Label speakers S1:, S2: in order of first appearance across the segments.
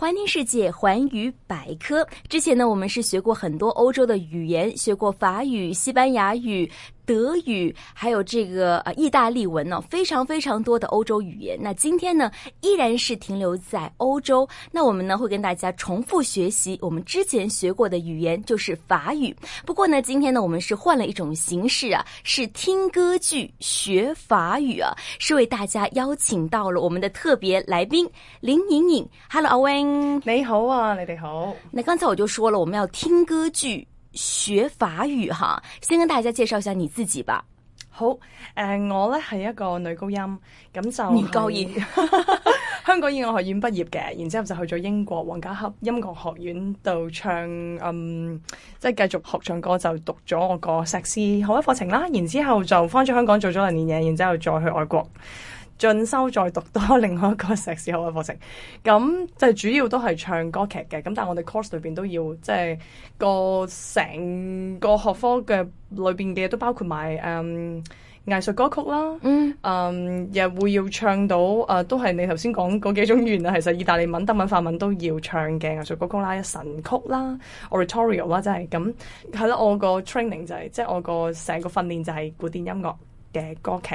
S1: 寰聽世界，寰宇百科。之前呢，我們是學過很多歐洲的語言，學過法語、西班牙語。德語還有這個誒，意大利文呢，非常非常多的歐洲語言。那今天呢，依然是停留在歐洲。那我們呢會跟大家重複學習我們之前學過的語言，就是法語。不過呢，今天呢，我們是換了一種形式啊，是聽歌劇學法語啊，是為大家邀請到了我們的特別來賓林穎穎。Hello，阿 Wing，你好啊，你哋好。那剛才我就說了，我們要聽歌劇。學法語哈，先跟大家介紹一下你自己吧。好，誒、呃，我呢係一個
S2: 女高音，咁就女高音。 香港音樂學院畢業嘅，然之後就去咗英國皇家音樂學院度唱，嗯，即係繼續學唱歌就讀咗我個碩士學位課程啦。然之後就翻咗香港做咗兩年嘢，然之後再去外國。進修再讀多另外一個碩士學位課程，咁就係、主要都係唱歌劇嘅。咁但係我哋 course 裏邊都要，即係個成個學科嘅裏邊嘅都包括埋誒、嗯、藝術歌曲啦，嗯，誒又、嗯、會要唱到誒、呃，都係你頭先講嗰幾種語言，其實意大利文、德文、法文都要唱嘅藝術歌曲啦，神曲啦、Oratorio 啦，即係咁係啦。我個
S1: training 就係即係我個成個訓練就係古典音樂嘅歌劇。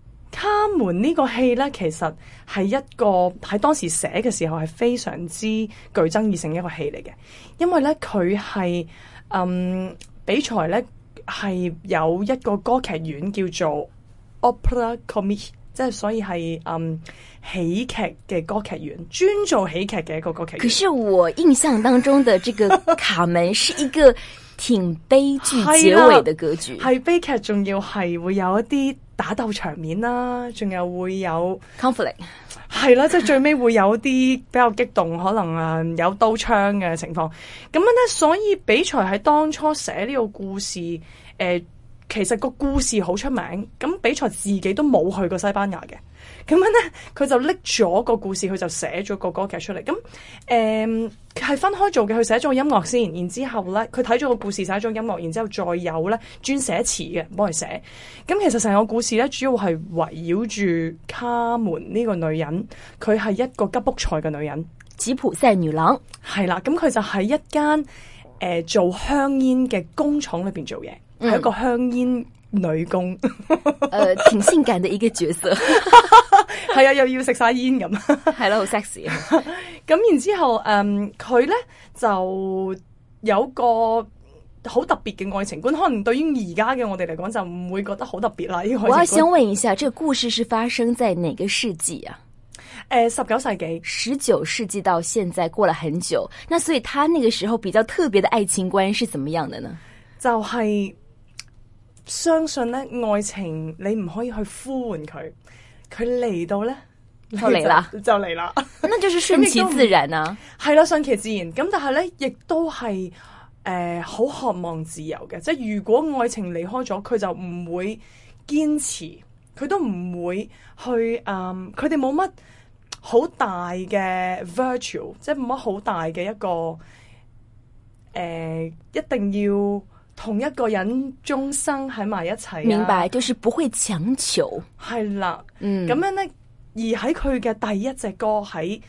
S1: 卡門個戲呢個戲咧，其實係一個喺當時寫嘅時候係
S2: 非常之具爭議性一個戲嚟嘅，因為咧佢係嗯比賽咧係有一個歌劇院叫做 Opera Comique，即係所以係嗯喜劇嘅歌劇院，專做喜劇
S1: 嘅一個歌劇院。可是我印象當中的這個卡門 是一個挺悲劇結尾的歌劇，係、啊、悲劇，仲要係會有一啲。打鬥場
S2: 面啦，仲有會有 conflict，係啦，即係 fl、就是、最尾會有啲比較激動， 可能誒有刀槍嘅情況。咁樣呢，所以比賽喺當初寫呢個故事誒。呃其實個故事好出名，咁比賽自己都冇去過西班牙嘅，咁樣咧佢就拎咗個故事，佢就寫咗個歌劇出嚟。咁誒係分開做嘅，佢寫咗音樂先，然之後咧佢睇咗個故事，寫咗音樂，然之後再有呢，專寫詞嘅幫佢寫。咁其實成個故事呢，主要係圍繞住卡門呢個女人，佢係一個吉卜賽嘅女人，吉普賽女郎，係啦。咁佢就喺一間誒做香煙嘅工廠裏邊做嘢。係一個香煙女工、嗯，誒、呃，挺性感的一個角色，係啊，又要食晒煙咁，係咯，好 sexy。咁然之後，誒、嗯，佢咧就有個好特別嘅愛情觀，可能對於而家嘅我哋嚟講就唔會覺得好特別啦。這個、我要先問
S1: 一下，這個、故事是發生在哪個世紀啊？誒、 呃，十九世紀，十九世紀 到現在過了很久，那所以他那個時候比較特別的愛情觀是怎麼樣的呢？
S2: 就係、是。相信咧，愛情你唔可以去呼喚佢，佢嚟到咧，就嚟啦，就嚟啦，
S1: 那就是順其自
S2: 然啊。係啦， 順其自然。咁但係咧，亦都係誒，好、呃、渴望自由嘅。即係如果愛情離開咗，佢就唔會堅持，佢都唔會去誒，佢哋冇乜好大嘅 virtual，即係冇乜好大嘅一個誒、呃，一定要。同一個人終生喺埋一齊、啊、明白，
S1: 就是不會強求。
S2: 係啦的，咁、嗯、樣呢？而喺佢嘅第一隻歌喺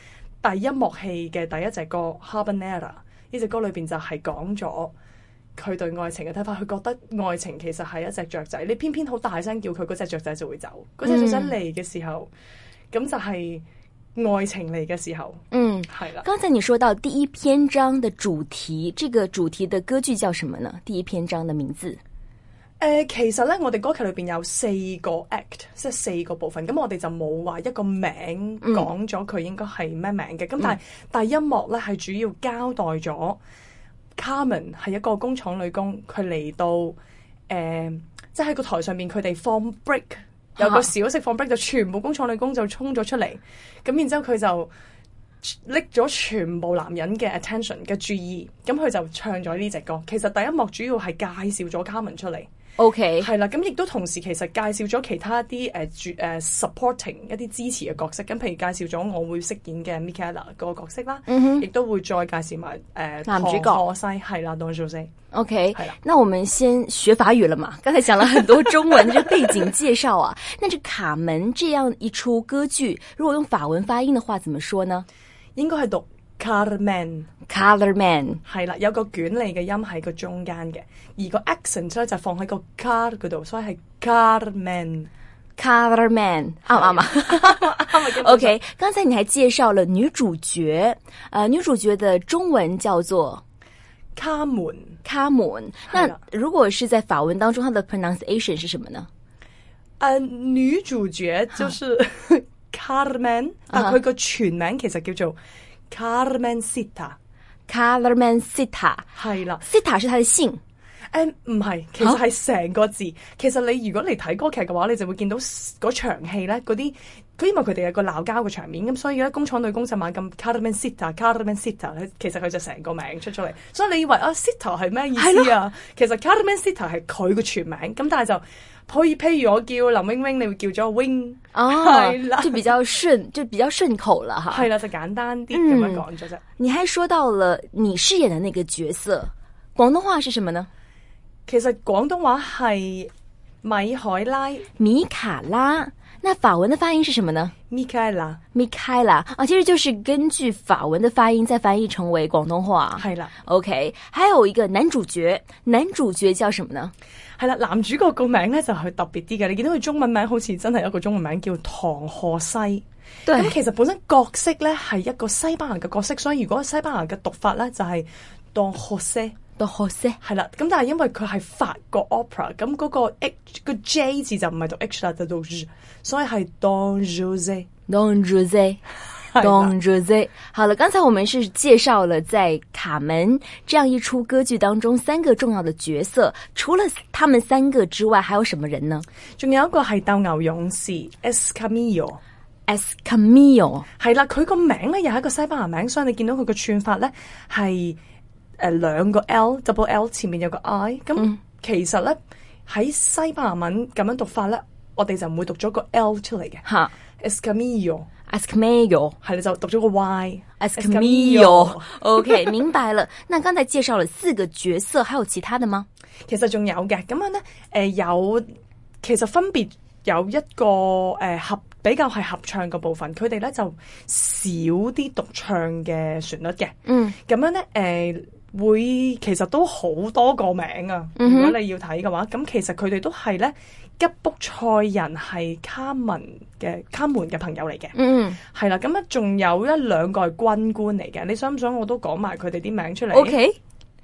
S2: 第一幕戲嘅第一隻歌《Habanera》呢隻歌裏邊就係講咗佢對愛情嘅睇法。佢覺得愛情其實係一隻雀仔，你偏偏好大聲叫佢，嗰隻雀仔就會走。嗰隻雀仔嚟嘅時候，咁、嗯、就係、是。愛情嚟嘅時候，嗯係啦。剛才
S1: 你說到第一篇章嘅主題，這個主題的歌劇叫什麼呢？第一篇章的名字？
S2: 誒、呃，其實呢，我哋歌劇裏邊有四個 act，即係四個部分。咁我哋就冇話一個名講咗佢應該係咩名嘅。咁但係第一幕呢，係主要交代咗，Carmen 係一個工廠女工，佢嚟到誒、呃，即係喺個台上面佢哋放 break。有個小食放逼，就全部工廠女工就衝咗出嚟，咁然之後佢就拎咗全部男人嘅 attention 嘅注意，咁佢就唱咗呢隻歌。其實第一幕主要係介紹咗 Carmen 出嚟。O K，係啦，咁亦都同時其實介紹咗其他一啲誒誒 supporting 一啲支持嘅角色，咁譬如介紹咗我會飾演嘅 Mikaela 個角色啦，亦、嗯、哼都會再介紹埋誒男主角西，係啦 Don José
S1: O K，係啦，那我們先學法語啦嘛，剛才講了很多中文嘅背景介紹啊， 那這《卡門》這樣一出歌劇，如果用法文發音的話，怎麼說呢？應該係讀。Carmen，Carmen 係啦，有個捲嚟嘅音喺個中間嘅，而個 accent 咧就放喺個 car 嗰度，所以係 Carmen，Carmen 啱唔啱啊？OK，剛才你還介紹了女主角，誒、呃，女主角的中文叫做卡門，卡門。那如果是在法文當中，它的 pronunciation 是什麼呢？誒，uh, 女
S2: 主角就是 Carmen，但佢個全名其實叫做。Carmen Sita，Carmen Sita 係啦了，Sita 係佢嘅姓。誒唔係，其實係成個字。Oh. 其實你如果嚟睇歌劇嘅話，你就會見到嗰場戲咧，嗰啲佢因為佢哋有個鬧交嘅場面，咁所以咧工廠女工就買咁 Carmen Sita，Carmen Sita 咧，其實佢就成個名出咗嚟。所以你以為啊，Sita 係咩意思啊？了其實 Carmen Sita 係佢嘅全名，咁但係就。可以，譬如我叫林穎穎，你會叫咗
S1: wing，係、哦、是啦，就比較順， 就比較順口啦，哈。係啦，就簡
S2: 單啲咁、嗯、樣講咗
S1: 啫。你還說到了你飾演的那個角色，廣東話是什麼呢？其實廣東話係米海拉，米卡拉。那法文的發音是什麼呢？Mikaela，Mikaela 啊，其實就是根據法文的發音再翻譯成為廣東話。係啦了，OK，還有一個男主角，男主角叫什麼呢？係啦，男主角個名咧就係、是、特別啲嘅，你見到佢中文名好似真係有
S2: 一個中文名叫唐賀西。咁對其實本身角色咧係一個西班牙嘅角色，所以如果西班牙嘅讀法咧就係當賀西。學識係啦，咁 De 但係因為佢係法國 opera，咁嗰個 H 個 J 字就唔係讀 H 啦，就讀，
S1: 所以係 Don 't Jose，Don Jose，Don Jose。好了， 剛才我們是介紹了在《卡門》這樣一出歌劇當中三個重要的角色，除了他們三個之外，還有什麼人呢？仲有一個係鬥牛勇士 Escamillo，Escamillo，係啦，佢個 cam 名咧又係一個西班牙名，
S2: 所以你見到佢個串法咧係。誒，兩、嗯、個 L，double L 前面有個 I，咁、嗯、其實咧喺西班牙文咁樣讀法咧，我哋就唔會讀咗個
S1: L 出嚟嘅。哈，Escamillo，Escamillo，係你就讀咗個 Y。Escamillo，OK，明白了。那剛才介紹了四個角色，還有其他的嗎？其實仲有嘅，咁樣咧，誒、呃，有其實分別有一個
S2: 誒、呃、合比較係合唱嘅部分，佢哋咧就少啲獨唱嘅旋律嘅、嗯嗯呃。嗯，咁樣咧，誒。會其實都好多個名啊！Mm hmm. 如果你要睇嘅話，咁其實佢哋都係咧吉卜賽人係卡門嘅卡門嘅朋友嚟嘅。嗯、mm，係、hmm. 啦，咁啊仲有一兩個係軍官
S1: 嚟嘅。你想唔想我都講埋佢哋啲名出嚟？OK。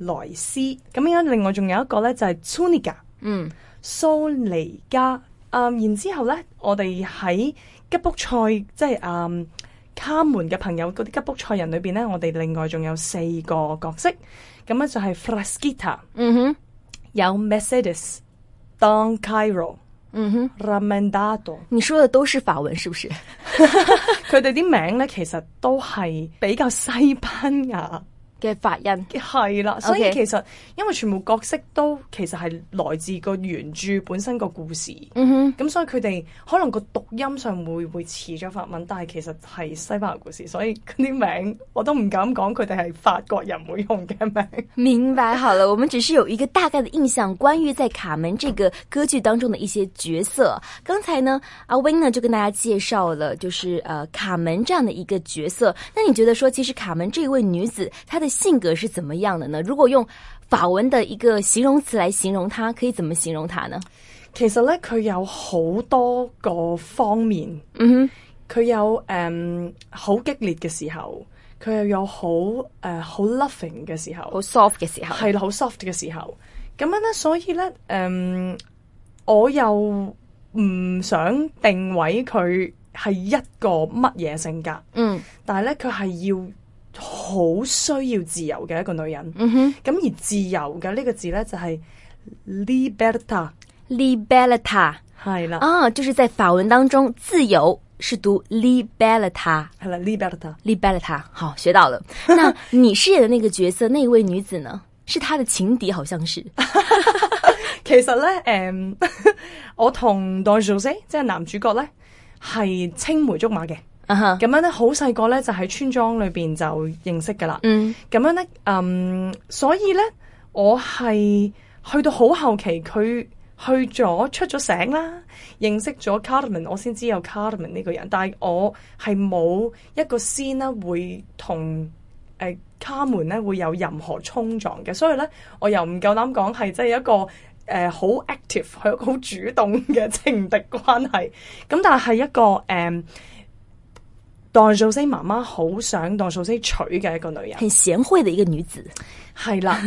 S2: 萊斯咁樣、嗯，另外仲有一個咧就係蘇尼加，嗯，蘇尼加。嗯，然之後咧，我哋喺吉卜賽，即係嗯卡門嘅朋友嗰啲吉卜賽人裏邊咧，我哋另外仲有四個角色，咁、嗯、樣就係、是、弗拉斯吉塔，嗯哼，有梅塞德斯，當開羅，嗯哼，拉曼達多。你說的都是法文，是不是？佢哋啲名咧，其實都係比較西班牙。嘅發音係啦，所以其實 Okay. 因為全部角色都其實係來自個原著本身個故事，咁、mm hmm. 嗯、所以佢哋可能個讀音上會會遲咗法文，但係其實係西班牙故事，所以啲名我都唔敢講佢哋係
S1: 法國人唔會用嘅名。明白，好了，我們只是有一個大概的印象，關於在卡門這個歌劇當中的一些角色。剛才呢，阿 Wing 呢就跟大家介紹了，就是誒、呃、卡門這樣的一個角色。那你覺得說，其實卡門這位女子，她的性格是怎麼樣的呢？如果用法文的一個形容詞來形容他，可以怎麼形容他呢？其實呢，佢有好多個方面，嗯
S2: 哼，佢有誒好、um, 激烈嘅時候，佢又有好誒好 loving 嘅時候，好 soft 嘅時候，係啦，好 soft 嘅時候，咁樣呢，所以呢，誒、um，我又唔想定位佢係一個乜嘢性格，嗯，但係呢，佢係要，好需要自由嘅一個女人，咁、mm hmm. 而自由嘅呢個字咧就係、是、
S1: liberta，liberta，係啦，啊，就是在法文當中，自由是讀 liberta，係啦，liberta，liberta，好學到了。 那你飾演嘅那個角色，那位女子呢，是他的情敵，好像是。 其實咧呢，誒、um, 我同代 o n 即係男主角咧係
S2: 青梅竹馬嘅。啊哈，uh huh. 咁樣咧，好細個咧就喺村莊裏邊就認識噶啦。嗯，咁樣咧，嗯，所以咧，我係去到好後期，佢去咗出咗省啦，認識咗卡門，我先知有卡門呢個人。但係我係冇一個先呢會同誒卡門咧會有任何衝撞嘅，所以咧，我又唔夠膽講係即係一個誒好、呃、active、好主動嘅情敵關係。咁但係一個誒。
S1: 嗯代素星媽媽好想代素星娶嘅一個女人，很賢惠嘅一個女子，係啦。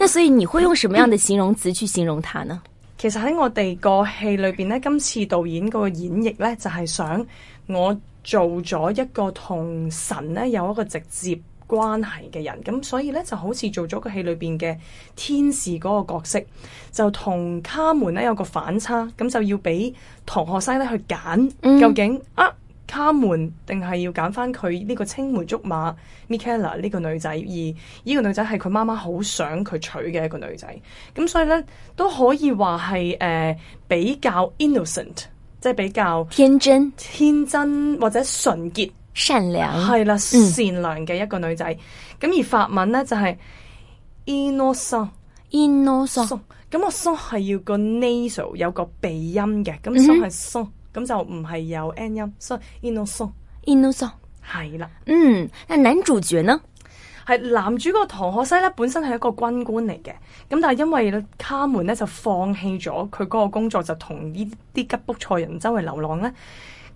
S1: 那所以你會用什麼樣的形容詞去形容她呢？
S2: 其實喺我哋個戲裏邊呢，今次導演嗰個演繹呢，就係想我做咗一個同神咧有一個直接關係嘅人，咁所以呢，就好似做咗個戲裏邊嘅天使嗰個角色，就同卡門呢有個反差，咁就要俾同學生咧去揀，嗯、究竟啊？卡門定係要揀翻佢呢個青梅竹馬 Mikaela 呢個女仔，而呢個女仔係佢媽媽好想佢娶嘅一個女仔。咁所以咧都可以話係誒比較 innocent，即係比較天真、天真，天真或者純潔良、善良，係啦，善良嘅一個女仔。咁、嗯、而法文咧就係、是、innocent，innocent In。咁、no so. so, 我 so、so、係要個 nasal 有個鼻音嘅，咁 so so 係 so。Mm hmm. 咁就唔係有 n
S1: 音，所以 in the song，in the song 係啦了。嗯，那男主角呢？
S2: 係男主角唐鶴西咧，本身係一個軍官嚟嘅。咁但係因為卡門咧就放棄咗佢嗰個工作，就同呢啲吉卜賽人周圍流浪咧。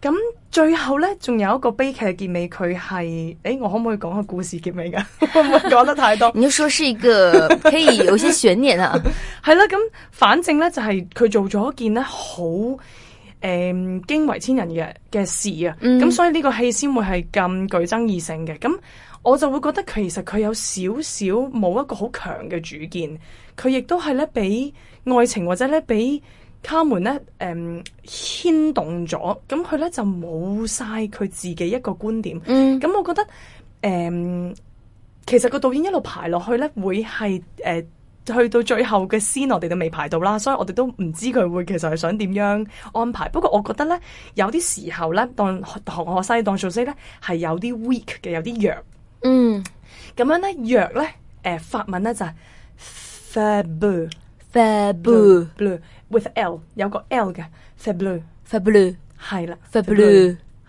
S2: 咁最後咧，仲有一個悲劇嘅結尾，佢係誒，我可唔可以講個故事結尾噶？
S1: 唔好講得太多。你要說是一個可以有些
S2: 懸念啊？係啦， 咁反正咧就係、是、佢做咗一件咧好。誒，驚、um, 為天人嘅嘅事啊，咁、嗯、所以呢個戲先會係咁具爭議性嘅。咁我就會覺得其實佢有少少冇一個好強嘅主見，佢亦都係咧俾愛情或者咧俾卡門咧誒牽動咗，咁佢咧就冇晒佢自己一個觀點。咁、嗯、我覺得誒、嗯，其實個導演一路排落去咧，會係誒。呃去到最後嘅先，我哋都未排到啦，所以我哋都唔知佢會其實係想點樣安排。不過我覺得咧，有啲時候咧，當學學生、當老師咧，係有啲 weak 嘅，有啲弱。嗯，咁樣咧，弱咧，誒、呃、法文咧就 fable，fable，ble，with
S1: l，有個 l 嘅 fable，fable，係啦，fable。fable。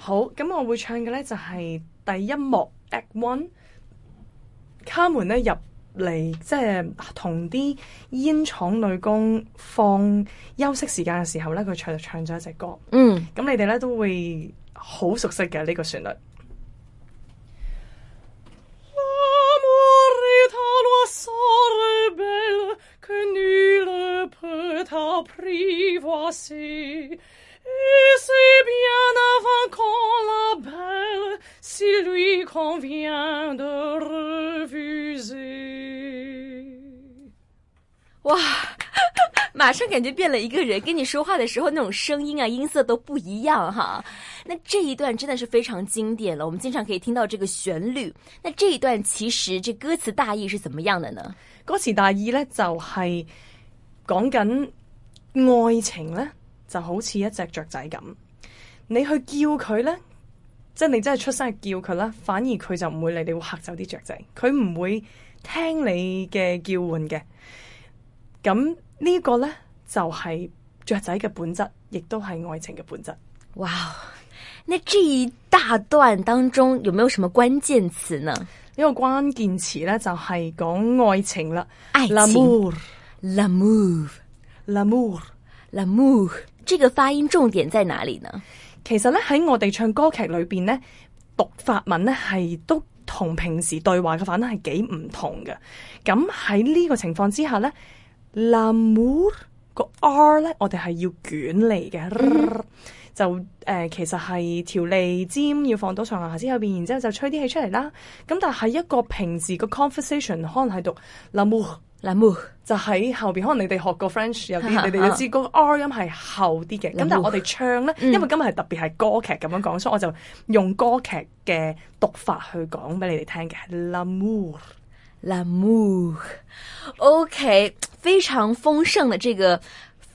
S1: 好，咁我會唱嘅咧就係第一幕 Act One，卡門
S2: 咧入嚟，即係同啲煙廠女工放休息時間嘅時候咧，佢唱就唱咗一隻歌。嗯，咁你哋咧都會好熟悉嘅呢個旋律。 哇，
S1: 馬上感覺變了一個人跟你說話的時候，那種聲音啊、音色都不一樣哈，那這一段真的是非常經典了。我們經常可以聽到這個旋律。那這一段其實這歌詞大意是怎麼樣的呢？歌詞大意呢，就係講緊
S2: 愛情呢。就好似一隻雀仔咁，你去叫佢咧，即係你真係出聲去叫佢啦，反而佢就唔會你你會嚇走啲雀仔，佢唔會聽你嘅叫喚嘅。咁呢個咧就係雀仔嘅本質，亦都係愛情嘅本質。哇！
S1: 呢一大段當中有冇有什麼關鍵詞呢？呢個關鍵詞咧就係講愛情啦，愛情，l'amour，l'amour，l'amour，l'amour。這個發音重點在哪裏呢？其實咧喺我哋唱歌劇
S2: 裏邊咧讀法文咧係都同平時對話嘅發音係幾唔同嘅。咁喺呢個情況之下咧，l'amour 個 r 咧我哋係要捲嚟嘅，mm hmm. 就誒、呃、其實係條脷尖要放到上牙齒後邊，然之後就吹啲氣出嚟啦。咁但係一個平時個 conversation 可能係讀 l'amour, L'amour 就喺後邊，可能你哋學過 French 有啲， 你哋都知嗰個 R 音係厚啲嘅。咁 L'amour. 但係我哋唱咧，因為今日係特別係歌劇咁樣講，嗯、所以我就用歌劇嘅讀法去講俾你哋聽嘅。
S1: L'amour，L'amour，OK，Okay, 非常豐盛嘅這個。